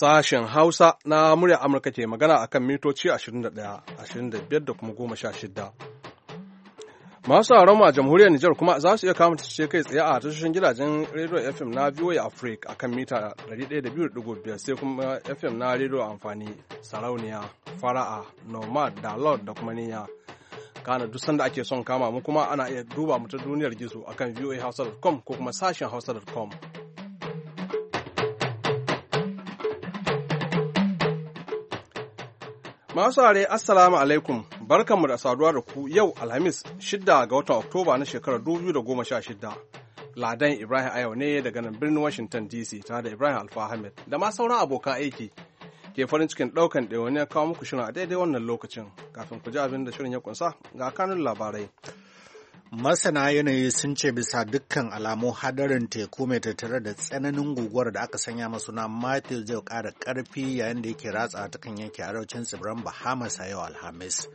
Sashen Hausa na murya Amurka ke magana akan mitoci 21, 25 da kuma 16. Masu mu a jamhuriyar Nijar kuma za su iya kama ce kai tsaye a tashoshin gidajen Radio FM na VOA Africa akan mita 102.5 sai kuma FM na Radio Amfani, Sarauniya, Fara'a, Nomad, Da Lord da kuma Niyya. Kana duk sanda ake son kama mu kuma ana iya duba mu ta duniyar gizo akan voahausa.com ko kuma sashen hausa.com. Masu are Assalamu alaikum barkanmu da saduwa da ku yau Alhamis 6 ga watan Oktoba na shekarar 2016. Ladan Ibrahim a yau ne daga nan birnin Washington DC tare da Ibrahim Alfahamed da ma sauran abokan aiki ke farin cikin ɗaukan ɗewa ne kawo muku shirin a daidai wannan lokacin kafin ku ji abin da shirin ya kunsa ga kanun labarai. Masana yanayi sun ce bisa dukkan alamu hadarin teku mai tattare da tsananin guguwar da aka sanya masuna Matthew zai ƙara karfi yayin da yake ratsa ta kan yanke arewacin tsibiran Bahamas a yau Alhamis.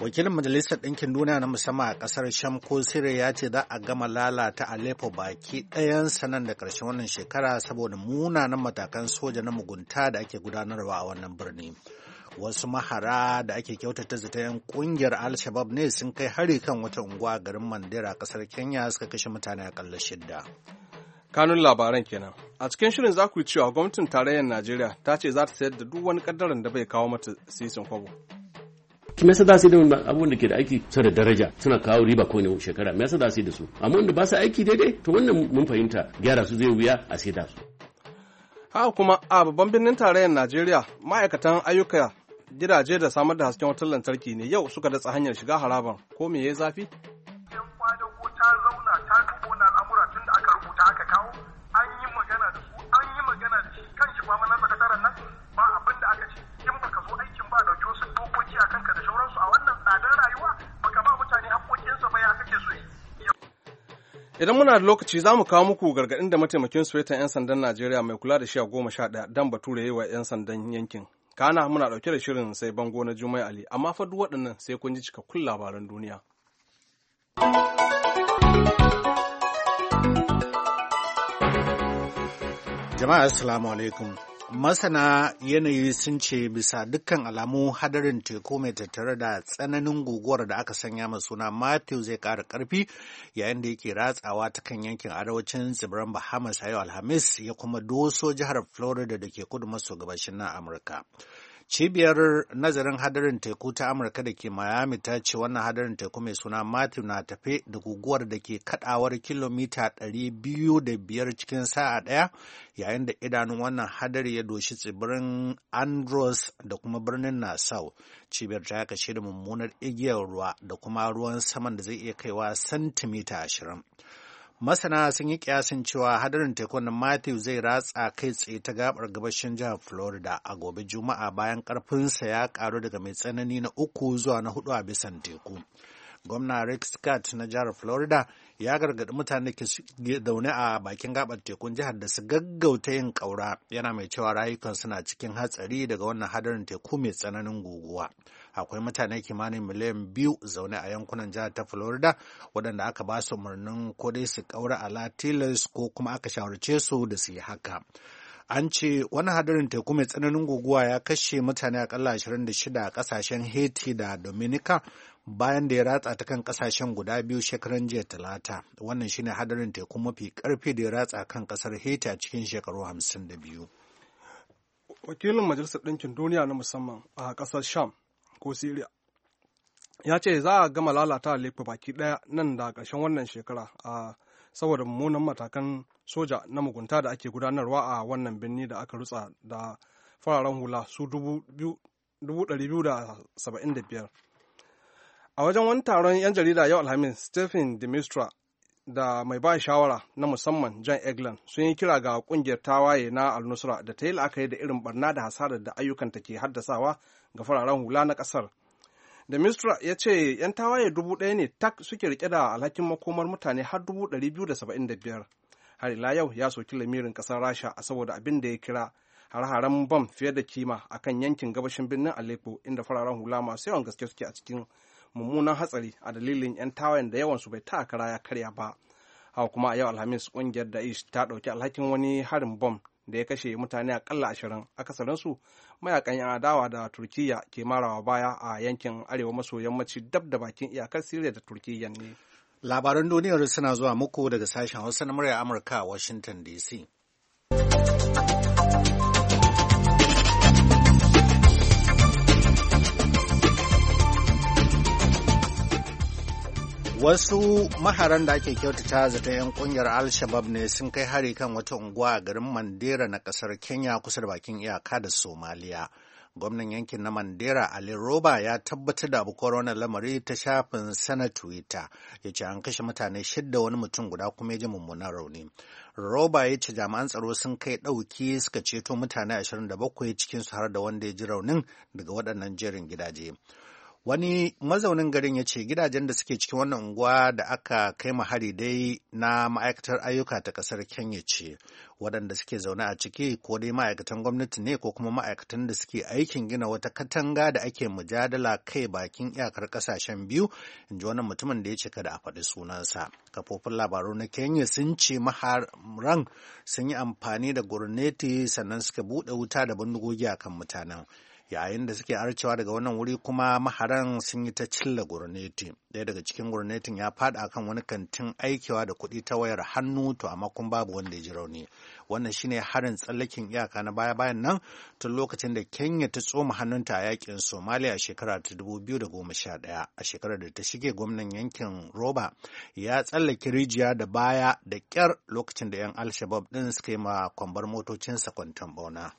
Wakilin Majalisar Ɗinkin Duniya na musamman a ƙasar Sham ko Sire ya ce za a gama lalata Aleppo baki ɗayan sanan da ƙarshen wannan shekara saboda munanan matakan soja na mugunta da ake gudanarwa a wannan birni. wasu mahara da ake kyautata zatayen kungiyar al-shabab ne sun kai hari kan wata unguwa garin mandera kasar kenya suka kashe mutane akalla shidda kanun labaran kenan a cikin shirin za ku yi cewa gwamnatin tarayyar najeriya ta ce za ta sayar da duk wani kaddaran da bai kawo mata sisin kwabo kuma yasa da su da abun da ke da aiki kusa da daraja suna kawo riba ko ne shekara me yasa da su da su amma wanda ba su aiki daidai to wannan mun fahimta gyara su zai wuya a sai da su haka kuma a babban birnin tarayyar najeriya ma'aikatan ayyuka gidaje da samar da hasken wutar lantarki ne yau suka datsa hanyar shiga harabar ko me ya zafi yan kwadago ta zauna ta dubo na al'amura tun da aka rubuta aka kawo an yi magana da su an yi magana da shi kan shi ma na nan ba da aka ce in baka zo aikin ba dauki wasu dokoki a kanka da shauransu a wannan tsadar rayuwa baka ba mutane haƙoƙinsa ba ya kake so Idan muna da lokaci za mu kawo muku gargaɗin da mataimakin sufetan 'yan sandan Najeriya mai kula da shi a goma sha ɗaya dan bature yi wa 'yan sandan yankin Kana muna ɗauke da shirin sai bango na Jumai Ali, amma fa duk waɗannan sai kun ji cikakkun labaran duniya. Jama'a Assalamu alaikum. Masana yanayi sun ce bisa dukkan alamu hadarin teku mai tattare da tsananin guguwar da aka sanya masu suna Matthew zai ƙara ƙarfi yayin da yake ratsawa ta kan yankin arewacin tsibiran Bahamas a yau Alhamis ya kuma doso jihar Florida da ke kudu maso gabashin na Amurka. Cibiyar nazarin hadarin teku ta Amurka da ke Miami ta ce wannan hadarin teku mai suna Matthew na tafe da guguwar da ke kadawar kilomita 205 cikin sa'a ɗaya yayin da idanun wannan hadari ya doshi tsibirin Andros da kuma birnin Nasau, Cibiyar ta kashe da mummunar igiyar ruwa da kuma ruwan saman da zai iya kaiwa santimita ashirin. masana sun yi kiyasin cewa hadarin tekun na matthew zai ratsa kai tsaye ta gabar gabashin jihar florida a gobe juma'a bayan karfinsa ya karu daga mai tsanani na uku zuwa na hudu a bisan teku gwamna rick scott na jihar florida ya gargaɗi mutane ke zaune a bakin gabar tekun jihar da su gaggauta yin ƙaura yana mai cewa rayukan suna cikin hatsari daga wannan hadarin teku mai tsananin guguwa. akwai mutane kimanin miliyan biyu zaune a yankunan jihar ta florida waɗanda aka ba su umarnin ko dai su ƙaura a latilas ko kuma aka shawarce su da su yi haka an ce wani hadarin teku mai tsananin guguwa ya kashe mutane akalla 26 a kasashen haiti da dominica bayan da ya ratsa ta kan kasashen guda biyu shekaran jiya talata wannan shine hadarin teku mafi karfi da ya ratsa kan kasar haiti a cikin shekaru hamsin 52 wakilin majalisar ɗinkin duniya na musamman a ƙasar sham ko Syria. Ya ce za a gama lalata Aleppo baki ɗaya nan da ƙarshen wannan shekara a saboda mummunan matakan soja na mugunta da ake gudanarwa a wannan birni da aka rutsa da fararen hula su 275. A wajen wani taron 'yan jarida yau Alhamis, Stephen Demistra da mai ba shawara na musamman John Egland sun yi kira ga kungiyar tawaye na Al-Nusra da ta yi la'akari da irin barna da hasarar da ayyukanta ke haddasawa ga fararen hula na kasar. Da Mistra ya ce 'yan tawaye dubu ɗaya ne tak suke rike da alhakin makomar mutane har dubu ɗari biyu da saba'in da biyar. Har ila yau ya soki lamirin ƙasar Rasha a saboda abin da ya kira har-haren bam fiye da kima akan yankin gabashin birnin Aleppo inda fararen hula masu yawan gaske suke a cikin mummunan hatsari a dalilin 'yan tawayen da yawansu bai ta kara ya karya ba hau kuma a yau alhamis kungiyar ish ta ɗauki alhakin wani harin bom da ya kashe mutane akalla ashirin akasarinsu mayakan yan adawa da turkiya ke marawa baya a yankin arewa maso yammaci dab da bakin iyakar siriya da turkiyya ne labaran duniyar suna zuwa muku daga sashen hausa na murya amurka a washington dc wasu maharan da ake kyautata zata 'yan kungiyar al-shabab ne sun kai hari kan wata unguwa a garin mandera na kasar kenya kusa da bakin iyaka da somaliya gwamnan yankin na mandera ali roba ya tabbatar da abokan wannan lamari ta shafin sana twitter ya ce an kashe mutane shidda wani mutum guda kuma ya ji mummunan rauni roba ya ce jami'an tsaro sun kai ɗauki suka ceto mutane 27 cikinsu har da wanda ya ji raunin daga waɗannan jerin gidaje Wani mazaunin garin ya ce gidajen da suke cikin wannan unguwa da aka kai hari dai na ma'aikatar ayyuka ta ƙasar Kenya ce, waɗanda suke zaune a ciki ko dai ma'aikatan gwamnati ne ko kuma ma'aikatan da suke aikin gina wata katanga da ake mujadala kai bakin iyakar ƙasashen biyu, in ji wannan mutumin da ya ce kada a faɗi sunansa. Kafofin labaru na Kenya sun ce maharan sun yi amfani da gurneti sannan suka buɗe wuta da bindigogi akan mutanen. yayin da suke arcewa daga wannan wuri kuma maharan sun yi ta cilla gurneti ɗaya daga cikin gurnetin ya fada akan wani kantin aikewa da kuɗi ta wayar hannu to amma kun babu wanda ya ji rauni wannan shine harin tsallakin iyaka na baya bayan nan tun lokacin da kenya ta tsoma hannunta a yakin somaliya a shekara ta da goma sha 2011 a shekarar da ta shige gwamnan yankin roba ya tsallake rijiya da baya da kyar lokacin da 'yan al-shabab ɗin suka yi ma kwambar motocinsa kwanton bauna.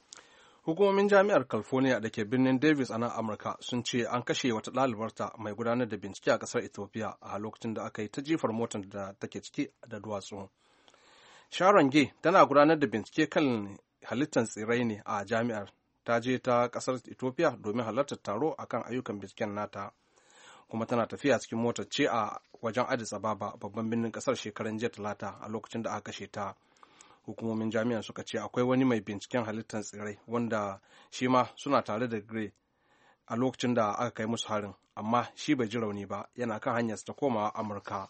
Hukumomin jami'ar California da ke birnin Davis a nan Amurka sun ce an kashe wata ɗalibarta mai gudanar da bincike a ƙasar Ethiopia a lokacin da aka yi ta jifar motar da take ciki da duwatsu. Sharon Gay tana gudanar da bincike kan halittar tsirrai ne a jami'ar ta je ta ƙasar Ethiopia domin halartar taro akan ayyukan binciken nata. kuma tana tafiya cikin motar ce a wajen Addis Ababa babban birnin ƙasar shekaran jiya talata a lokacin da aka kashe ta. hukumomin jami'an suka ce akwai wani mai binciken halittar tsirrai wanda shi ma suna tare da gray a lokacin da aka kai musu harin amma shi bai ji rauni ba yana kan hanyar ta komawa amurka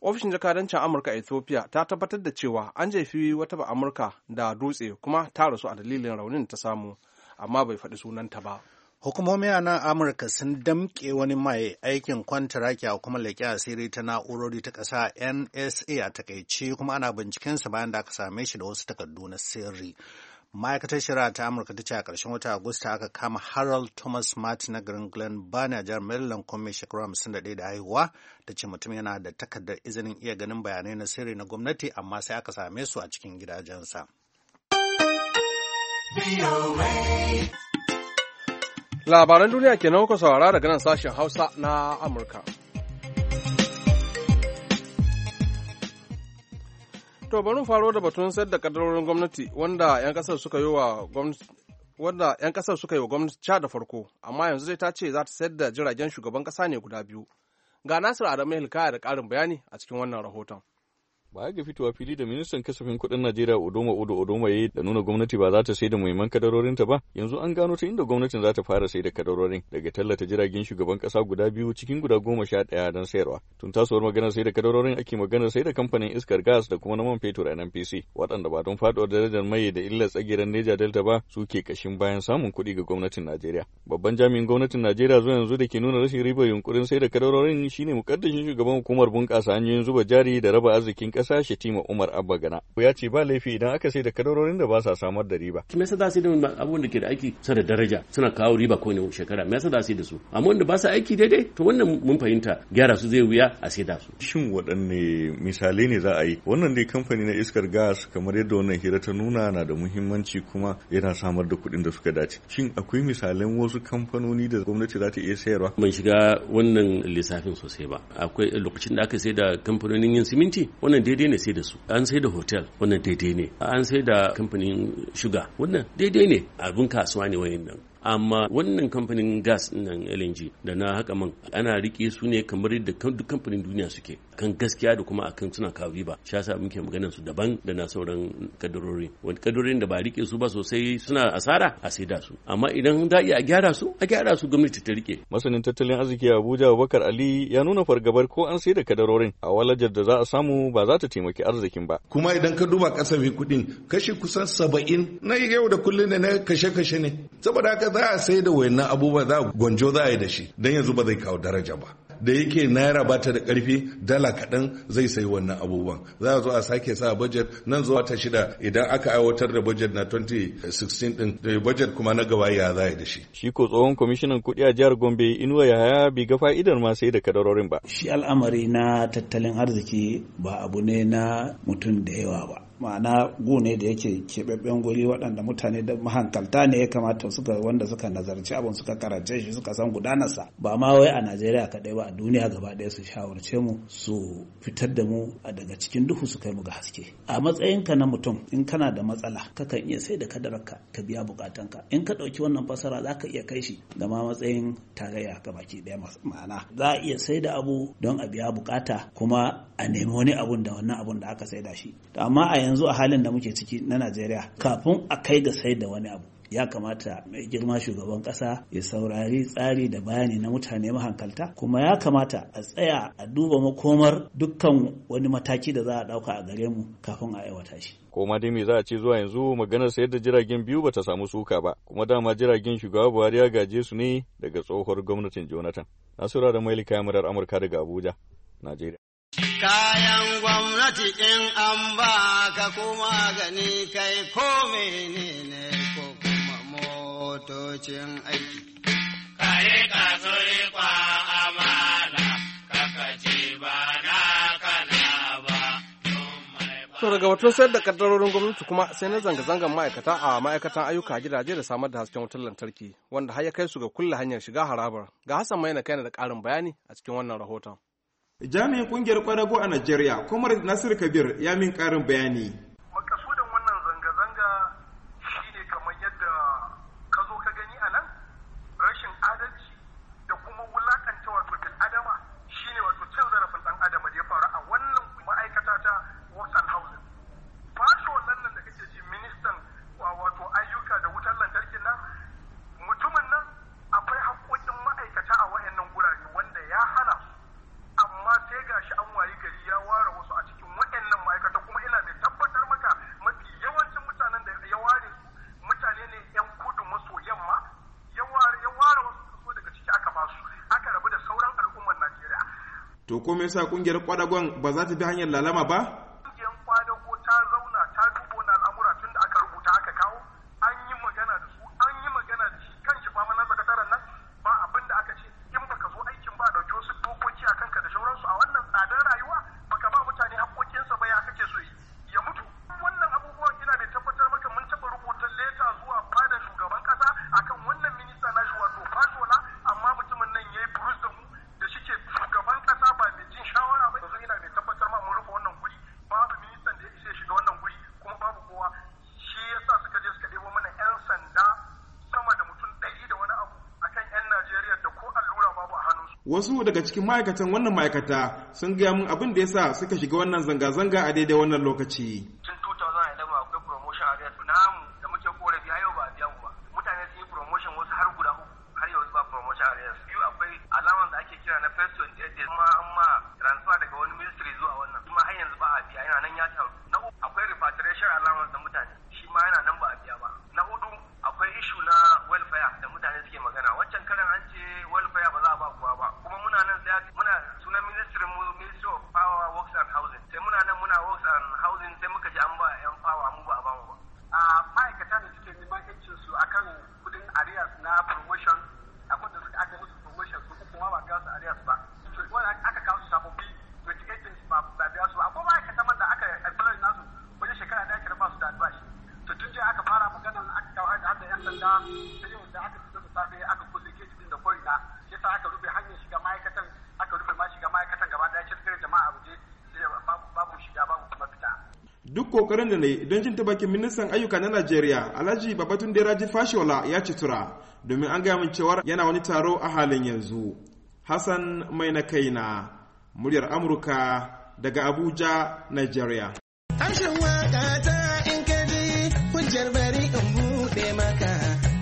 ofishin jakadancin amurka a ethiopia ta tabbatar da cewa an jefi wata ba amurka da dutse kuma ta rasu a dalilin raunin ta samu amma bai faɗi sunanta ba Hukumomi a nan Amurka sun damƙe wani mai aikin kwantaraki a kuma leƙi asiri ta na'urori ta ƙasa NSA a takaice kuma ana bincikensa bayan da aka same shi da wasu takardu na sirri. Ma'aikatar shari'a ta Amurka ta ce a ƙarshen wata Agusta aka kama Harold Thomas Martin na garin Glen Burnie jihar Maryland kuma mai shekaru 51 da haihuwa ta ce mutum yana da takardar izinin iya ganin bayanai na sirri na gwamnati amma sai aka same su a cikin gidajensa. Labaran duniya ke kuka saurara daga nan sashen Hausa na Amurka. To bari faro da batun sayar da kadarorin gwamnati wanda 'yan kasar suka yi wa gwamnati wanda 'yan kasar suka yi wa gwamnati ca da farko amma yanzu zai ta ce za ta sayar da jiragen shugaban kasa ne guda biyu ga nasiru adamu hilkaya da ƙarin bayani a cikin wannan rahoton Baya ga fitowa fili da ministan kasafin kudin Najeriya Odoma Odo Odoma ya da nuna gwamnati ba za ta sai da muhimman ta ba, yanzu an gano ta inda gwamnatin za ta fara sai da kadarorin daga tallata jiragen shugaban kasa guda biyu cikin guda goma sha daya don sayarwa. Tun tasowar magana sai da kadarorin ake magana sai da kamfanin iskar gas da kuma na man fetur a waɗanda ba don faɗuwar darajar mai da illar tsagiran Neja Delta ba su ke kashin bayan samun kuɗi ga gwamnatin Najeriya. Babban jami'in gwamnatin Najeriya zuwa yanzu da ke nuna rashin ribar yunkurin sai da kadarorin shine mukaddashin shugaban hukumar bunƙasa hanyoyin zuba jari da raba arzikin kasa shi tima Umar abba gana ya ce ba laifi idan aka sai da kadarorin da ba sa samar da riba. Me yasa da su da abubuwan da ke da aiki sa da daraja suna kawo riba ko ne shekara me yasa da su da su amma wanda ba sa aiki daidai to wannan mun fahimta gyara su zai wuya a sai da su. Shin waɗanne misalai ne za a yi wannan dai kamfani na iskar gas kamar yadda wannan hira ta nuna na da muhimmanci kuma yana samar da kuɗin da suka dace. Shin akwai misalan wasu kamfanoni da gwamnati za ta iya sayarwa? Ban shiga wannan lissafin sosai ba. Akwai lokacin da aka sai da kamfanonin yin siminti wannan daidai ne sai da su an sai da hotel wannan daidai ne an sai da kamfanin shuga wannan daidai ne abin kasuwa ne nan. amma wannan kamfanin gas nan LNG da na haka man ana rike su ne kamar yadda duk kamfanin duniya suke kan gaskiya da kuma akan suna kawo riba shi yasa muke maganar su daban da na sauran kadarori wani kadarorin da ba rike su ba sosai suna asara a saida su amma idan za a gyara su a gyara su gwamnati ta rike masanin tattalin arziki Abuja Abubakar Ali ya nuna fargabar ko an sai da kadarorin a walajar da za a samu ba za ta taimaki arzikin ba kuma idan ka duba kasafin kuɗin kashi kusan saba'in na yau da kullum da na kashe-kashe ne saboda haka za a sai da wayannan abubuwa za gwanjo za a yi da shi don yanzu ba zai kawo daraja ba da yake naira bata da karfi dala kaɗan zai sayi wannan abubuwan za a zo a sake sa budget nan zuwa ta shida idan aka aiwatar da budget na 2016 din da budget kuma na gaba ya za da shi shi ko tsohon kwamishinan kuɗi a jihar gombe inuwa yahaya bi ga fa'idar ma sai da kadarorin ba shi al'amari na tattalin arziki ba abu ne na mutum da yawa ba ma'ana gu ne da yake keɓaɓɓen guri waɗanda mutane da mahankalta ne ya kamata suka wanda suka nazarci abin suka karance shi suka san gudanarsa ba ma wai a najeriya kaɗai ba a duniya gaba ɗaya su shawarce mu su fitar da mu daga cikin duhu su kai mu ga haske a matsayinka na mutum in kana da matsala kakan iya sai da kadararka ka biya bukatanka in ka ɗauki wannan fasara za ka iya kai shi da ma matsayin tarayya ga baki ɗaya ma'ana za a iya sai da abu don a biya bukata kuma a nemi wani abun da wannan abun da aka sai da shi amma a yanzu yanzu a halin da muke ciki na Najeriya kafin a kai ga sayar da wani abu ya kamata mai girma shugaban kasa ya saurari tsari da bayani na mutane mahankalta kuma ya kamata a tsaya a duba makomar dukkan wani mataki da za a dauka a gare mu kafin a aiwata shi ko ma dai me za a ce zuwa yanzu maganar sayar da jiragen biyu bata samu suka ba kuma dama jiragen shugaba Buhari ya gaje su ne daga tsohuwar gwamnatin Jonathan Nasura da maili kamarar Amurka daga Abuja Najeriya Kayan gwamnati in an ba ka kuma gani kai ko menene ko kuma motocin aiki. Kare ka zuri kwa amana, kaka ce ba na kana ba. To daga wato sayar da kaddarorin gwamnati kuma sai na zanga zangan ma'aikata a ma'aikatan ayyuka gidaje da samar da hasken wutar lantarki wanda har ya kai su ga kulle hanyar shiga harabar. Ga Hassan na kai da ƙarin bayani a cikin wannan rahoton. jami'in kungiyar kwadago a najeriya comrade nasir kabir ya min karin bayani ko sa kungiyar kwadagon ba za ta bi hanyar lalama ba wasu daga cikin ma'aikatan wannan ma'aikata sun gaya mun abin da ya sa suka shiga wannan zanga-zanga a daidai wannan lokaci kokarin da na don jin ta bakin ministan ayyuka na Najeriya, Alhaji Babatun Deraji Fashola ya ci tura domin an gaya min cewar yana wani taro a halin yanzu. Hassan mai na kaina, muryar Amurka daga Abuja, Najeriya. Harshen waka ta in ji hujjar bari in buɗe maka,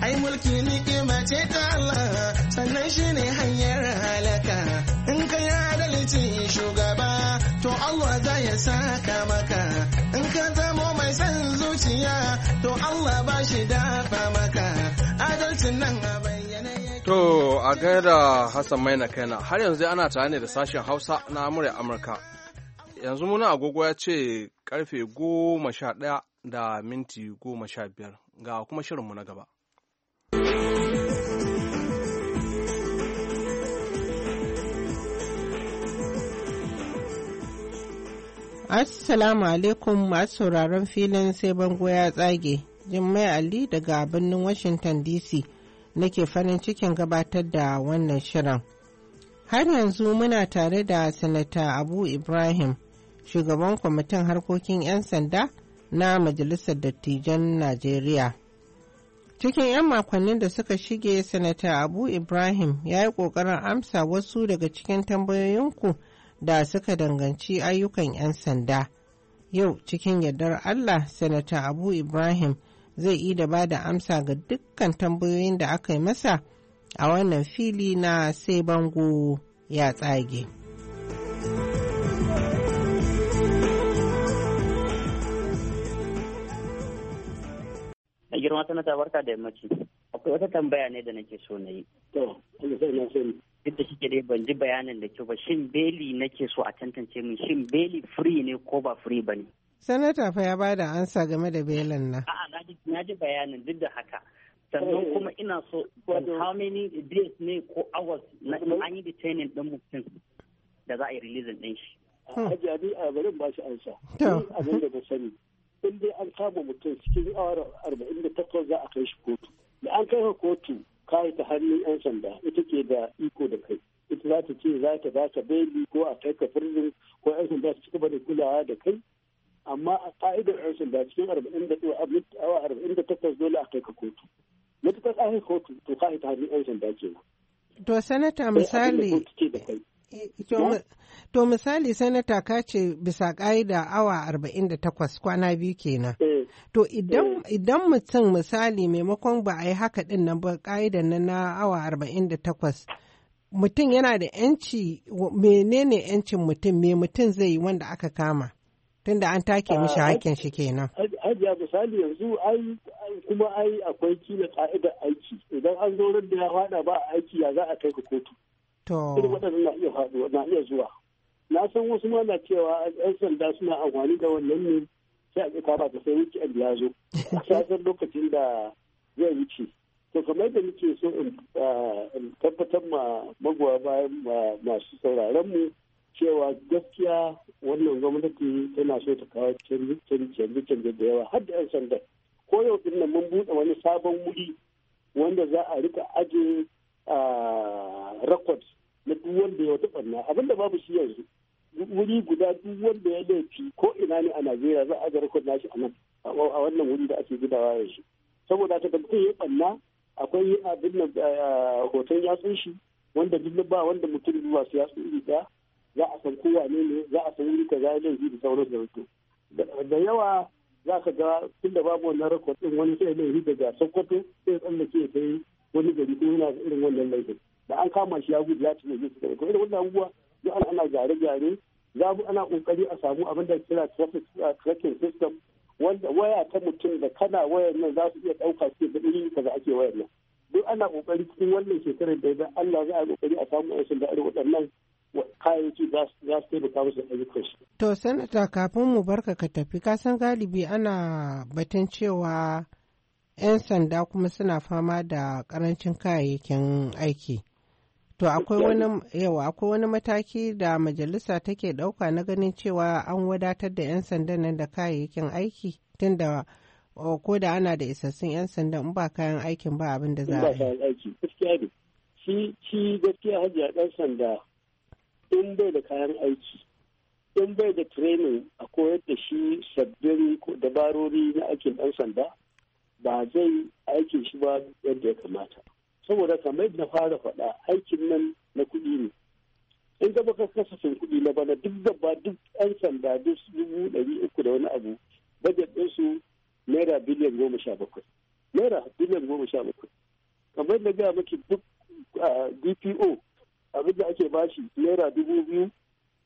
ai mulki ni'ima ce ta Allah, sannan shi ne hanyar halaka. In ka yi adalci shugaba, to Allah za ya saka maka. To a gaida Hassan Maina kaina har yanzu ana tare ne da sashen Hausa na murya Amurka. Yanzu muna agogo ya ce karfe goma sha ɗaya da minti goma sha biyar ga kuma shirinmu na gaba. Assalamu alaikum masu sauraron filin sai bango ya tsage. Jummai Ali daga birnin Washington DC nake farin cikin gabatar da wannan shirin. Har yanzu muna tare da Sanata Abu Ibrahim, shugaban kwamitin harkokin 'yan sanda na Majalisar Dattijan Najeriya. Cikin 'yan makonnin da suka shige, Sanata Abu Ibrahim ya yi kokarin amsa wasu daga cikin tambayoyinku da suka danganci ayyukan 'yan sanda. Yau cikin yardar Allah, Sanata Abu Ibrahim zai yi da ba da amsa ga dukkan tambayoyin da aka yi masa a wannan fili na sai bango ya tsage. girma girma ta barka da yammaci. Akwai wata tambaya ne da nake so na yi. To, duk da dai ban ji bayanin da kyau ba shin beli nake so a tantance min shin beli free ne ko ba free ba ne? Sanata fa ya bada ansa game da belan nan. A'a na ji bayanin duk da haka. Sannan kuma ina so how many days ne ko hours na an yi detaining din mutum da za a yi releasing din shi. Aji Abi a garin ba shi ansa. Abin da ba sani. In dai an kama mutum cikin awar arba'in da takwas za a kai shi kotu. Da an kai ka kotu kayi ta hannun 'yan sanda ita ke da iko da kai. Ita za ta ce za ta ba ka beli ko a kai ka firzin ko 'yan sanda su ci gaba da kulawa da kai amma a ka'idar yan sanda cikin arba'in da awa arba'in da takwas dole a kai ka kotu matuƙar ka kotu to ka ta hannun yan sanda kenan. to sanata misali eh, to misali sanata ka ce bisa ƙa'ida awa takwas kwana biyu kenan eh. to eh. idan mutum misali maimakon ba a yi haka din nan ba ƙa'ida na na awa arba'in da takwas. mutum yana da yanci menene yancin mutum me mutum zai yi wanda aka kama tunda an take mishi ah, hakkin shi kenan. Hajiya misali yanzu kuma ai akwai kila ka'idar aiki idan an zo da ya faɗa ba aiki ya za a kai ka kotu. To. Irin waɗannan na iya faɗuwa na zuwa. Na san wasu ma na cewa 'yan sanda suna amfani da wannan ne sai a tsaka ba ta sai wuce ya zo. A san lokacin da zai wuce. To kamar da muke so ah, in tabbatar ma magoya bayan masu sauraron mu cewa gaskiya wannan gwamnati tana so ta kawo canje-canje da yawa har da 'yan sanda ko yau din nan mun buɗe wani sabon wuri wanda za a rika aje record na duk wanda ya wata ɓanna abin da babu shi yanzu wuri guda duk wanda ya laifi ko ina ne a najeriya za a aje record shi a nan a wannan wuri da ake gudawa yanzu saboda ta da ya ɓanna akwai abin nan hoton yatsun shi wanda duk ba wanda mutum zuwa su yatsun iri za a san kowa ne ne za a san wuri zai zai da sauran da wato da yawa za ka ga tun da babu wannan rakon din wani sai laifi daga sokoto sai tsallake ya kai wani gari ko yana da irin wannan laifin da an kama shi ya gudu ya tafi zai tsare ko irin wannan abubuwa duk ana ana gyare gyare za mu ana kokari a samu abin da kira traffic tracking system wanda waya ta mutum da kana wayar nan za su iya ɗauka su da irin za ake wayar nan duk ana kokari cikin wannan shekarar da idan Allah za a kokari a samu a da irin waɗannan kayayyaki za su taimaka musu ayyukan To sanata kafin mu barka ka tafi kasan galibi ana batun cewa 'yan sanda kuma suna fama da karancin kayayyakin aiki. To akwai wani yawa akwai wani mataki da majalisa take ɗauka na ganin cewa an wadatar da 'yan sanda nan da kayayyakin aiki tunda ko da ana da isassun 'yan sanda in ba kayan aikin ba abin da za a yi. Ba kayan aiki gaskiya ne. Shi gaskiya hajiya ɗan sanda in bai da kayan aiki in bai da training a koyar da shi sabbin dabarori na aikin ɗan sanda ba zai aikin shi ba yadda ya kamata saboda kamar na fara faɗa aikin nan na kuɗi ne in gaba ka kasafin kuɗi na bana duk gaba duk ɗan sanda duk dubu ɗari uku da wani abu bajet ɗinsu naira biliyan goma sha bakwai naira biliyan goma sha bakwai kamar na gaya maki duk ah, dpo abin da ake bashi naira dubu biyu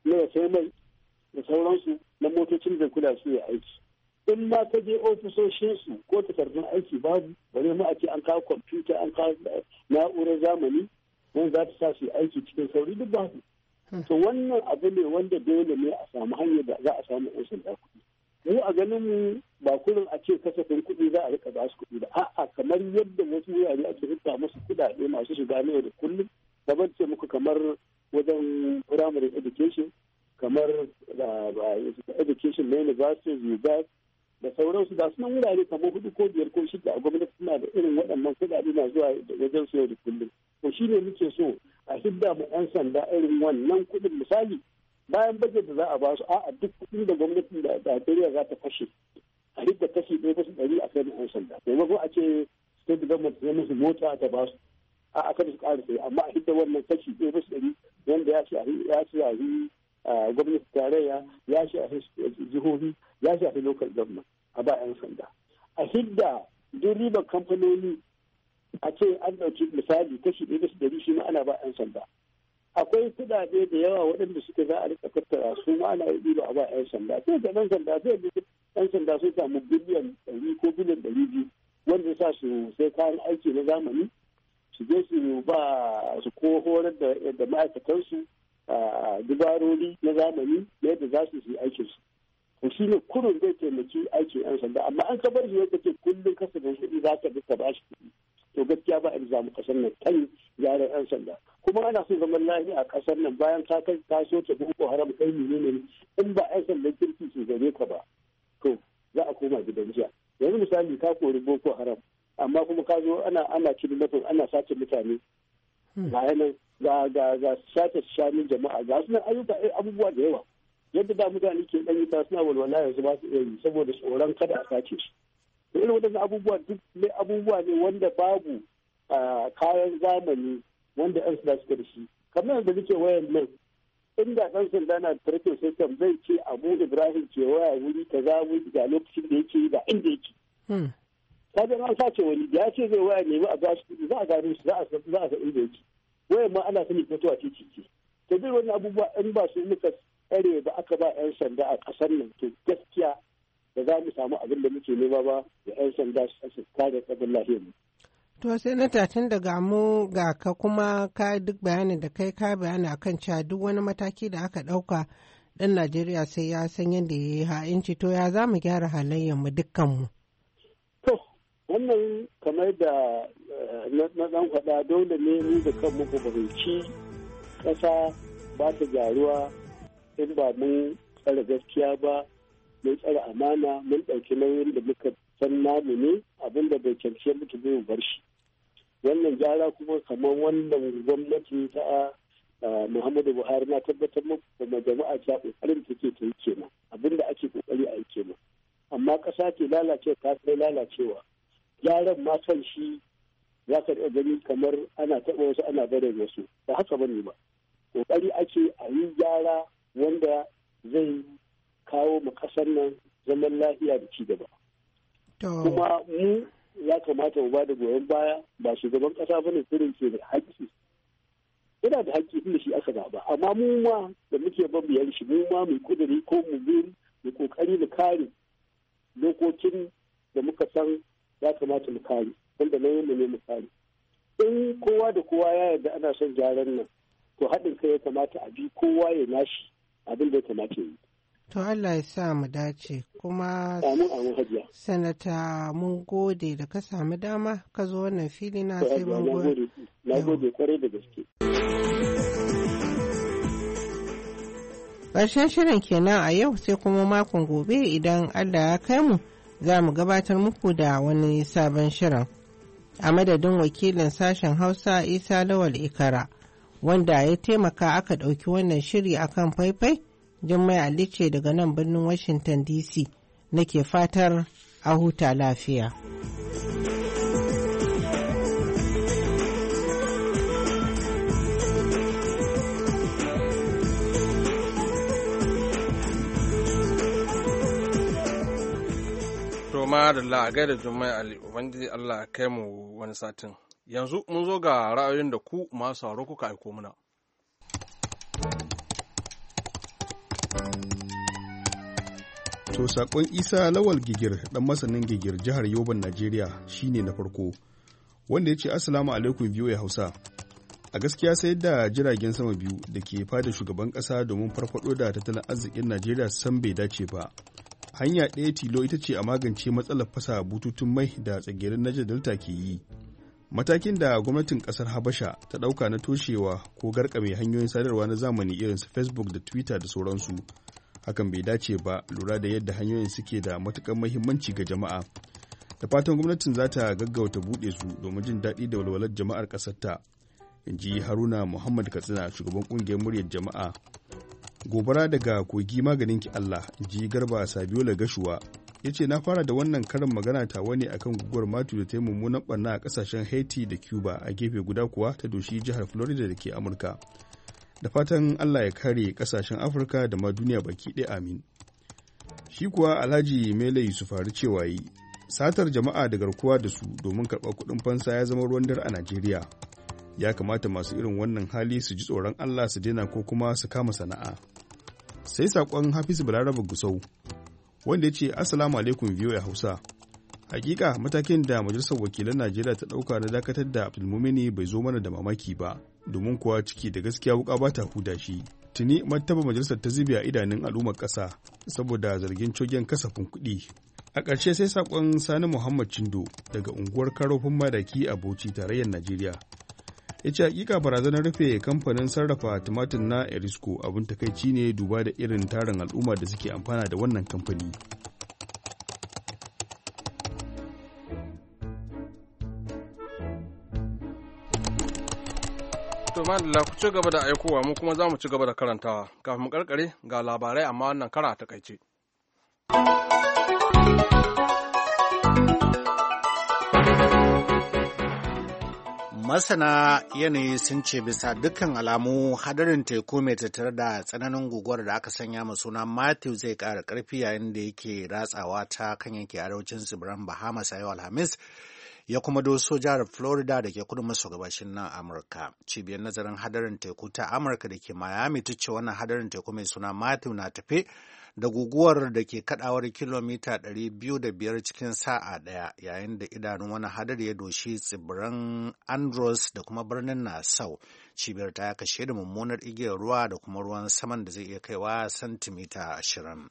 na ya sai mai da sauransu na motocin da kula su ya aiki in ma ta je ofisoshinsu ko takardun aiki babu bari ma a ce an kawo kwamfuta an kawo na'urar zamani wani za ta sa su aiki cikin sauri duk babu hmm. to wannan abu ne wanda dole ne a samu hanyar da za a samu yan da kuɗi mu a ganin mu ba kullum a ce kasafin kuɗi za a rika ba su kuɗi ba a'a kamar yadda wasu wurare ake rika musu kuɗaɗe masu shiga na da kullum daban ce muku kamar wajen primary education kamar ah, ah, education na universities universities da sauransu da sunan wurare kamar hudu ko biyar ko shida a gwamnati suna da irin waɗannan kuɗaɗe na zuwa da wajen su yau da kullum to shi ne muke so a hidda mu 'yan sanda irin wannan kuɗin misali bayan bajet da za a ba su a duk kuɗin da gwamnatin da Najeriya za ta kashe a hidda kashi ɗaya bisa ɗari a kai 'yan sanda maimakon a ce state government ya musu mota ta ba su a aka da su ƙara sai amma a hidda wannan kashi ɗaya bisa ɗari wanda ya shafi ya shafi gwamnati tarayya ya shafi jihohi ya shafi local government a ba 'yan sanda a hidda duk ribar kamfanoni a ce an ɗauki misali kashi ɗaya bisa ɗari shi ma ana ba 'yan sanda akwai kuɗaɗe da yawa waɗanda suke za a rika tattara su ma ana yi ba a ba 'yan sanda sai ga ɗan sanda sai ga ɗan sanda sun samu biliyan ɗari ko biliyan ɗari biyu wanda ya sa su sai kayan aiki na zamani su je su ba su ko horar da ma'aikatansu a dubarori na zamani na yadda za su yi aikin su to shi ne kurun zai taimaki aikin yan sanda amma an ka bar shi yadda ce kullum kasa da kuɗi za ka duka ba shi kuɗi to gaskiya ba a zamu kasar nan kan yaran yan sanda kuma ana so zaman lafiya a kasar nan bayan ka kai ka so ta boko haram kai ne in ba yan sanda kirki su gare ka ba to za a koma gidan jiya yanzu misali ka kori boko haram amma kuma ka zo ana ana kidnapping ana sace mutane hmm. ga yanan ga ga ga sace shanun jama'a ga su ayyuka eh, abubuwa da yawa yadda da mutane ke dan yi suna walwala yanzu ba su yi saboda tsoron kada a sace su to irin wadannan abubuwa duk ne abubuwa ne wanda babu kayan zamani wanda yan sanda su da shi kamar yadda nake wayan nan inda ɗan sanda na tracking system zai ce abu ibrahim ke waya wuri ta wuri ga lokacin da yake da inda yake hmm. kaga an sace wani da ya ce zai waya nemi a bashi kuɗi za a gano shi za a san za a san inda yake waya ma ana sani fito a ciki ce to duk wannan abubuwa in ba su muka tsare ba aka ba yan sanda a kasar nan to gaskiya da za mu samu abin da muke nema ba da yan sanda su kare tsabin lahiyar mu To sai na tatin da gamu ga ka kuma ka duk bayanin da kai ka bayani akan cewa duk wani mataki da aka ɗauka ɗan Najeriya sai ya san yadda ya yi ha'inci to ya za mu gyara halayyar mu dukkanmu. wannan kamar da eh, na dan faɗa dole ne mu da kanmu ku fahimci ƙasa ba ta gyaruwa in ba mun tsara gaskiya ba mun tsara amana mun ɗauki nauyin da muka san namu ne abin da bai muka mutu zai bar shi wannan gyara kuma kamar wannan gwamnati ta eh, muhammadu buhari na tabbatar muku kuma jama'a ta kokarin da take ta yi kenan abin da ake ƙoƙari a yi kenan amma ƙasa ke lalace ta lalacewa gyaran matan shi za ka gani kamar ana taɓa wasu ana bada wasu ba haka bane ba ƙoƙari ake a yi gyara wanda zai kawo mu ƙasar nan zaman lafiya da ci gaba kuma mu ya kamata mu ba da goyon baya ba shugaban ƙasa bane irin ce da haƙƙi yana da haƙƙi inda shi aka ba amma mu ma da muke ban shi mu ma mai kuduri ko mu biyu mu ƙoƙari mu kare dokokin da muka san ya kamata mu kare wanda na yi mu kare in kowa da kowa ya yarda ana son gyaran nan to haɗin kai ya kamata a bi kowa ya nashi abin da ya kamata yi To Allah ya sa mu dace kuma sanata mun gode da ka sami dama ka zo wannan fili na sai mun gode. Na gode kwarai da gaske. karshen shirin kenan a yau sai kuma makon gobe idan Allah ya kai mu. za mu gabatar muku da wani sabon shirin. A madadin wakilin sashen Hausa Isa Lawal Ikara, wanda ya taimaka aka ɗauki wannan shiri akan faifai, Jummai Ali ce daga nan birnin Washington DC, nake fatar a huta lafiya. To ma da la'agai da gaida Ali, Ubangiji Allah kai mu wani satin. Yanzu mun zo ga ra'ayoyin da ku masu sauro kuka aiko muna. To sakon Isa Lawal Gigir, dan masanin Gigir jihar Yoban Najeriya shine na farko. Wanda ya ce Assalamu alaikum biyu ya Hausa. A gaskiya sai da jiragen sama biyu da ke fada shugaban ƙasa domin farfado da tattalin arzikin Najeriya san bai dace ba. hanya ɗaya tilo ita ce a magance matsalar fasa bututun mai da tsagirin Niger Delta ke yi. Matakin da gwamnatin ƙasar Habasha ta ɗauka na toshewa ko garkame hanyoyin sadarwa na zamani irin su Facebook da Twitter da sauransu. Hakan bai dace ba lura da yadda hanyoyin suke da matuƙar muhimmanci ga jama'a. Da fatan gwamnatin za ta gaggauta buɗe su domin jin daɗi da walwalar jama'ar ƙasarta. In ji Haruna Muhammad Katsina shugaban ƙungiyar muryar jama'a gobara daga kogi maganin ki Allah ji garba sabiola gashuwa ya ce na fara da wannan karin magana ta wani akan guguwar matu da ta yi mummunan barna a kasashen haiti da cuba a gefe guda kuwa ta doshi jihar florida da ke amurka da fatan allah ya kare kasashen afirka da ma duniya baki ɗaya amin shi kuwa alhaji mele faru cewa yi satar jama'a da garkuwa da su domin karɓar kuɗin fansa ya zama ruwan dare a najeriya ya kamata masu irin wannan hali su ji tsoron allah su daina ko kuma su kama sana'a sai saƙon Hafizu Balarabu gusau wanda ya ce assalamu alaikum ya hausa hakika matakin da majalisar wakilan najeriya ta ɗauka na dakatar da abdulmumini bai zo mana da mamaki ba domin kuwa ciki da gaskiya wuka ba ta huda shi tuni martaba majalisar ta zubi a idanun al'ummar ƙasa saboda zargin cogen kasafin kuɗi a ƙarshe sai saƙon sani muhammad Chindo daga unguwar karofin madaki a bauchi tarayyar najeriya ya ce hakika barazanar rufe kamfanin sarrafa tumatir na erisko abin takaici ne duba da irin tarin al'umma da suke amfana da wannan kamfani to malala ku ci gaba da aikowa mu kuma za mu ci gaba da karantawa kafin mu karkare ga labarai amma wannan kara a takaice masana yanayi sun ce bisa dukkan alamu hadarin teku mai tattare da tsananin guguwar da aka sanya ma suna matthew zai kara karfi yayin da yake ratsawa ta kan yanke arewacin tsibiran bahamas a yau alhamis ya kuma doso jihar Florida da ke kudu maso gabashin nan Amurka. Cibiyar nazarin hadarin teku ta Amurka da ke Miami ta ce wannan hadarin teku mai suna Matthew na tafe da guguwar da ke kadawar kilomita 205 cikin sa'a daya yayin da idanun wani hadari ya doshi tsibiran andros da kuma birnin nasau cibiyar ta kashe da mummunar igiyar ruwa da kuma ruwan saman da zai iya kaiwa santimita 20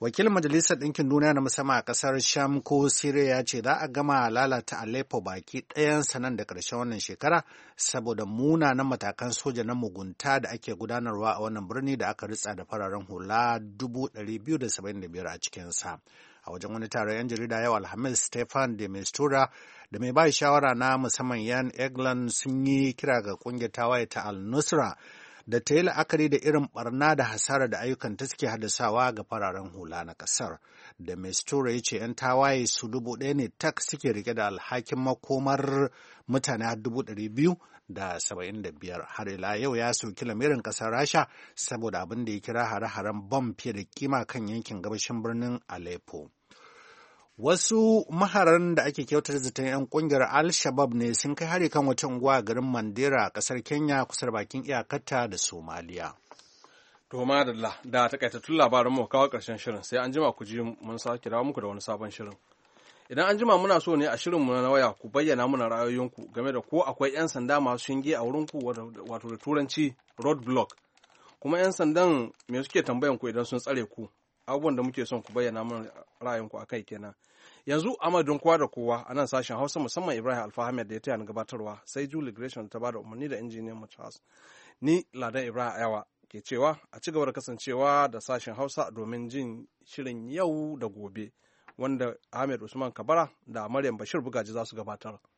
wakilin majalisar ɗinkin duniya na musamman a ƙasar sham ko siriya ya ce za a gama lalata aleppo baki ɗayan sanan da ƙarshen wannan shekara saboda munanan matakan soja na mugunta da ake gudanarwa a wannan birni da aka ritsa da fararen hula 275 a cikinsa a wajen wani taron 'yan jarida yau alhamis stefan de mistura da mai ba shawara na musamman yan eglan sun yi kira ga kungiyar tawaye ta al-nusra da ta yi la'akari da irin barna da hasara da ayyukan ta suke haddasawa ga fararen hula na ƙasar. Da mai Mestura ya ce ‘yan tawaye su dubu ɗaya ne tak suke rike da alhakin makomar mutane har dubu ɗari biyu da saba'in da biyar har ila yau ya soki lamirin ƙasar Rasha saboda abin da ya kira hare-haren bom fiye da kima kan yankin gabashin birnin Aleppo. Wasu maharan da ake kyautar zaton 'yan kungiyar Al-Shabab ne sun kai hari kan wata unguwa a garin Mandera a ƙasar Kenya kusa da bakin iyakarta da Somaliya. To madalla da takaitattun labarin mu kawo ƙarshen shirin sai an jima ku ji mun sake dawo muku da wani sabon shirin. Idan an jima muna so ne a shirin mu na waya ku bayyana muna ra'ayoyinku game da ko akwai 'yan sanda masu shinge a wurin ku wato da turanci road block. Kuma 'yan sandan me suke tambayan ku idan sun tsare ku abubuwan da muke son ku bayyana mana ra'ayinku a kai kenan yanzu amadun kowa da kowa a nan sashen hausa musamman ibrahim alfahamed da ya taya ni gabatarwa sai julie gresham ta bada umarni da injiniyan mu ni ladan ibrahim ayawa ke cewa a ci gaba da kasancewa da sashen hausa domin jin shirin yau da gobe wanda ahmed usman kabara da maryam bashir bugaji za su gabatar.